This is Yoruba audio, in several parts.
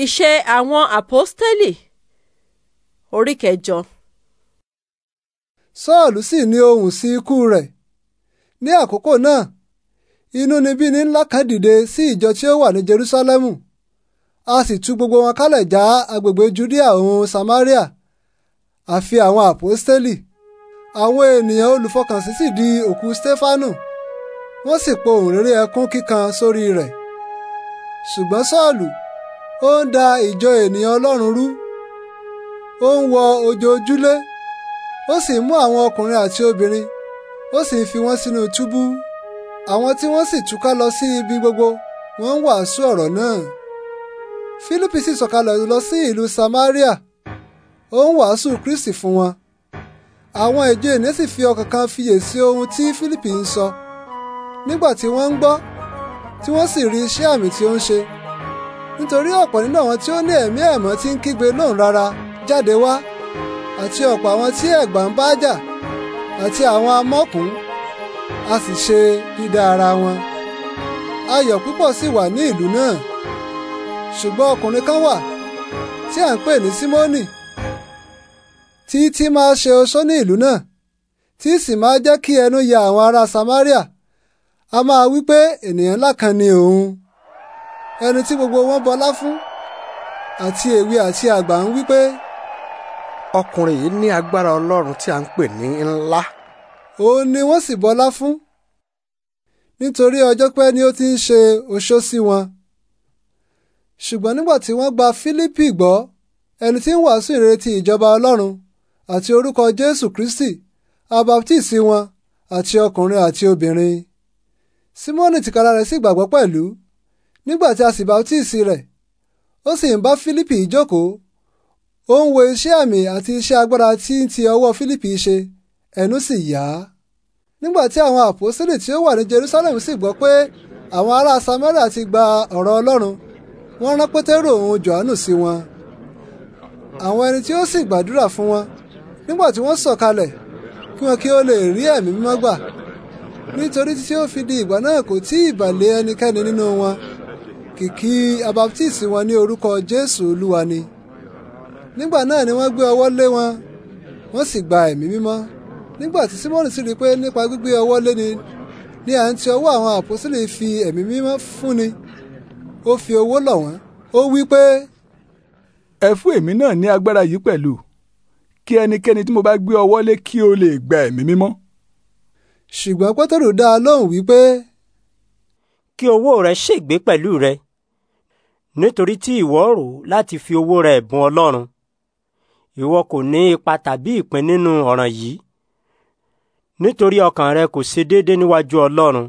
Ìṣe àwọn àpọ́stélì orí kẹjọ. Sọ́ọ̀lù sì ní ohùn sí ikú rẹ̀. Ní àkókò náà, inúnibíni ńlá kan dìde sí ìjọ tí ó wà ní Jerúsálẹ́mù. A sì tú gbogbo wọn kálẹ̀ já agbègbè Judea òun Samaria, àfi àwọn àpọ́stélì. Àwọn ènìyàn olùfọkànsìn sì di òkú Stefanu. Wọ́n sì po òǹréré ẹkún kíkan sórí rẹ̀. Ṣùgbọ́n Sọ́ọ̀lù ó ń da ìjọ ènìyàn Ọlọ́run rú ó ń wọ ojoojúlé ó sì mú àwọn ọkùnrin àti obìnrin ó sì ń fi wọ́n sínú túbú àwọn tí wọ́n sì túká lọ sí ibi gbogbo wọ́n ń wàásù ọ̀rọ̀ náà Fílípì sì sọ̀kalẹ̀ lọ sí ìlú Samaria ó ń wàásù Kristi fún wọn àwọn ìjọ ènìyàn sì fi ọkàn kan fiyèsí ohun tí Fílípì ń sọ nígbà tí wọ́n ń gbọ́ tí wọ́n sì rí iṣẹ́ àmì tí ó ń ṣe nítorí ọ̀pọ̀ nínú àwọn tí ó ní ẹ̀mí ẹ̀mọ́ ti ń kígbe lóhùn rárá jáde wá àti ọ̀pọ̀ àwọn tí ẹ̀gbà ń bá jà àti àwọn amọ́kùn a sì ṣe dídá ara wọn ayọ̀ púpọ̀ sì wà ní ìlú náà ṣùgbọ́n ọkùnrin kan wà tí à ń pè ní Símónì tí tí máa ṣe oṣó ní ìlú náà tí sì máa jẹ́ kí ẹnu ya àwọn ará Samaria a máa wí pé ènìyàn ńlá kan ni òun ẹni tí gbogbo wọn bọlá fún àti èwe àti àgbà ń wí pé. ọkùnrin yìí ní agbára ọlọ́run tí a ń pè ní ńlá. òun ni wọ́n sì bọlá fún nítorí ọjọ́ pẹ́ ni ó ti ń ṣe oṣó sí wọn. ṣùgbọ́n nígbà tí wọ́n gba Fílípì gbọ́ ẹni tí ń wàásù ìrètí ìjọba ọlọ́run àti orúkọ Jésù Kristi abaptisi wọn àti ọkùnrin àti obìnrin. Símọ́nì tìkára rẹ̀ sì gbàgbọ́ pẹ̀lú nígbà tí a sì bátíìsì rẹ̀ ó sì ń bá Fílípì jókòó ó ń wo iṣẹ́ àmì àti iṣẹ́ agbára tí ń ti ọwọ́ Fílípì ṣe ẹnu sì yá nígbà tí àwọn àpòsílì tí ó wà ní Jerusalem sì gbọ́ pé àwọn ará Samaria ti gba ọ̀rọ̀ Ọlọ́run wọ́n rán Pétérù òun Jòhánù sí wọn àwọn ẹni tí ó sì gbàdúrà fún wọn nígbà tí wọ́n sọ̀kalẹ̀ kí wọn kí ó lè rí ẹ̀mí mímọ́ gbà nítorí tí ó fi di ìgbà náà kò tí ì bà ẹnikẹ́ni nínú wọn kìkì abaptisi wọn ní orúkọ Jésù Olúwa ni nígbà náà ni wọ́n gbé ọwọ́ lé wọn wọ́n sì gba ẹ̀mí mímọ́ nígbà tí Símọ́nì sì rí i pé nípa gbígbé ọwọ́ lé ni ní à ń ti àwọn àpòsílẹ̀ fi ẹ̀mí mímọ́ fúnni ó fi owó lọ̀ wọ́n ó wí pé. ẹ fún èmi náà ní agbára yìí pẹ̀lú kí ẹnikẹ́ni tí mo bá gbé ọwọ́ lé kí ó lè gba ẹ̀mí mímọ́. ṣùgbọ́n Pétérù dá a lóhùn wípé kí owó rẹ ṣègbé pẹ̀lú rẹ nítorí tí ìwọ rò láti fi owó rẹ bùn ọlọ́run ìwọ kò ní ipa tàbí ìpín nínú ọ̀ràn yìí nítorí ọkàn rẹ kò ṣe déédéé níwájú ọlọ́run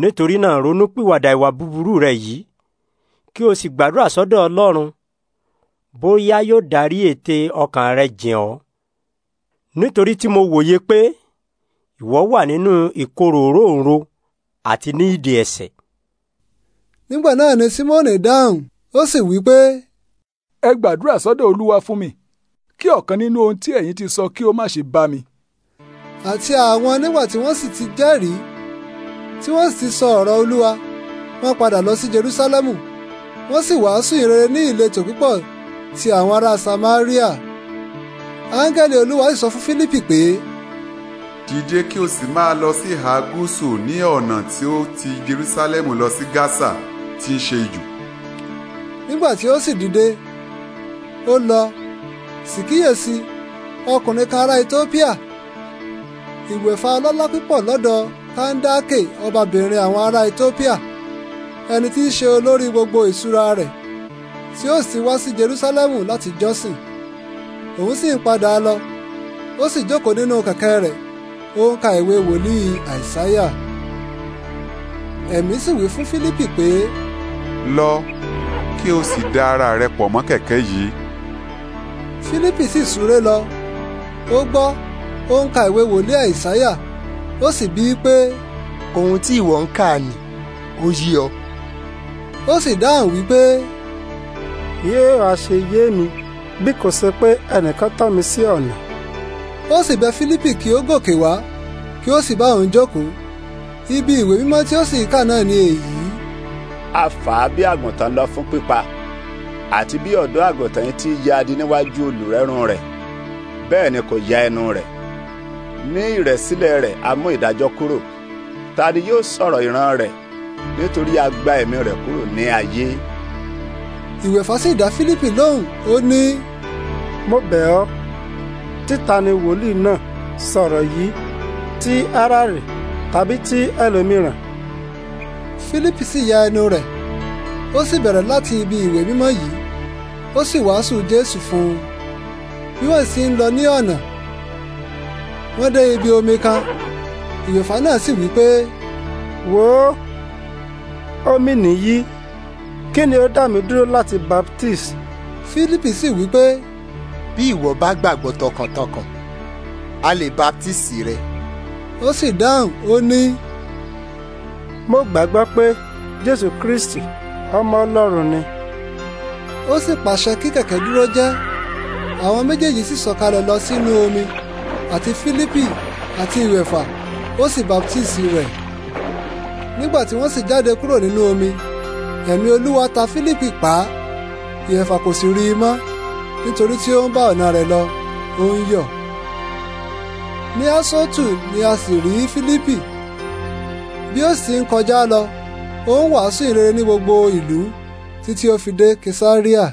nítorí náà ronúpìwàdà ìwà búburú rẹ yìí kí o sì gbàdúrà sọ́dọ̀ ọlọ́run bóyá yóò dárí ète ọkàn rẹ jìn ọ́ nítorí tí mo wòye pé ìwọ wà nínú ìkorò òróǹro àti ní ìdè ẹ̀ṣẹ̀. nígbà náà ni Símónì dáhùn ó sì wí pé. ẹ gbàdúrà sọ́dọ̀ Olúwa fún mi kí ọ̀kan nínú ohun tí ẹ̀yin ti sọ kí ó má ṣe bá mi. àti àwọn nígbà tí wọ́n sì ti jẹ́rìí tí wọ́n sì ti sọ ọ̀rọ̀ Olúwa wọ́n padà lọ sí Jerúsálẹ́mù wọ́n sì wàásù ìrere ní ìletò púpọ̀ ti àwọn ará Samaria. áńgẹ́lì Olúwa sì sọ fún Fílípì pé. dìde kí o sì máa lọ sí ìhà gúúsù ní ọ̀nà tí ó ti jerusalemu lọ sí gaza ti í ṣe ijù. nígbà tí ó sì dìde ó lọ sì kíyèsí ọkùnrin kan ará ethiopia ìwẹ̀fà ọlọ́lá pípọ̀ lọ́dọ̀ kandake ọbabìnrin àwọn ará ethiopia ẹni tí í ṣe olórí gbogbo ìṣúra rẹ̀ tí ó sì wá sí jerusalemu láti jọ́sìn òun sì ń padà lọ ó sì jókòó nínú kẹ̀kẹ́ rẹ̀ ó ń ka ìwé wòlíì àìsáyà ẹ̀mí sì wí fún fílípì pé. lọ kí o sì da ara rẹ pọ̀ mọ́ kẹ̀kẹ́ yìí. fílípì sì súré lọ ó gbọ́ ó ń ka ìwé wòlíì àìsáyà ó sì bí pé. ohun tí ìwọ ń kà ni ó yé ọ. ó sì dáhùn wípé. yé àṣeyé mi bí kò ṣe pé ẹnìkan tọ́ mi sí ọ̀nà ó sì bẹ Fílípì kí ó gòkè wá kí ó sì bá òun jókòó ibi ìwé mímọ́ tí ó sì kà náà ni èyí. a fà á bí àgùntàn lọ fún pípa àti bí ọ̀dọ́ àgùntàn yìí ti ya adi níwájú olùrẹ́rùn rẹ̀ bẹ́ẹ̀ ni kò ya ẹnu rẹ̀ ní ìrẹ̀sílẹ̀ rẹ̀ a mú ìdájọ́ kúrò ta ni yóò sọ̀rọ̀ ìran rẹ̀ nítorí a gba ẹ̀mí rẹ̀ kúrò ní ayé. ìwẹ̀fà sì dá Fílípì lóhùn ó ní. mo bẹ̀ ọ́ títa ni wòlíì náà sọ̀rọ̀ yìí ti ara rẹ̀ tàbí ti ẹlòmíràn. Fílípì sì ya ẹnu rẹ̀ ó sì bẹ̀rẹ̀ láti ibi ìwé mímọ́ yìí ó sì wàásù Jésù fún un bí wọ́n sì ń lọ ní ọ̀nà wọ́n dé ibi omi kan ìyòfà náà sì wí pé. wò ó omi nìyí kí ni ó dá mi dúró láti baptist. Fílípì sì wí pé bí ìwọ bá gbàgbọ́ tọkàntọkàn a lè baptisi rẹ. ó sì dáhùn ó ní. mo gbàgbọ́ pé jésù kristi ọmọ ọlọ́run ni. ó sì pàṣẹ kí kẹ̀kẹ́ dúró jẹ́ àwọn méjèèjì sì sọ̀kalẹ̀ lọ sínú omi àti fílípì àti ìwẹ̀fà ó sì baptisi rẹ̀ nígbà tí wọ́n sì jáde kúrò nínú omi ẹ̀mí olúwa ta fílípì pa ìwẹ̀fà kò sì rí i mọ́ nítorí tí ó ń bá ọ̀nà rẹ̀ lọ ó ń yọ̀ ní asọ́tù ni a sì rí Fílípì bí ó sì ń kọjá lọ ó ń wàásù ìrere ní gbogbo ìlú títí ó fi dé Kesaria.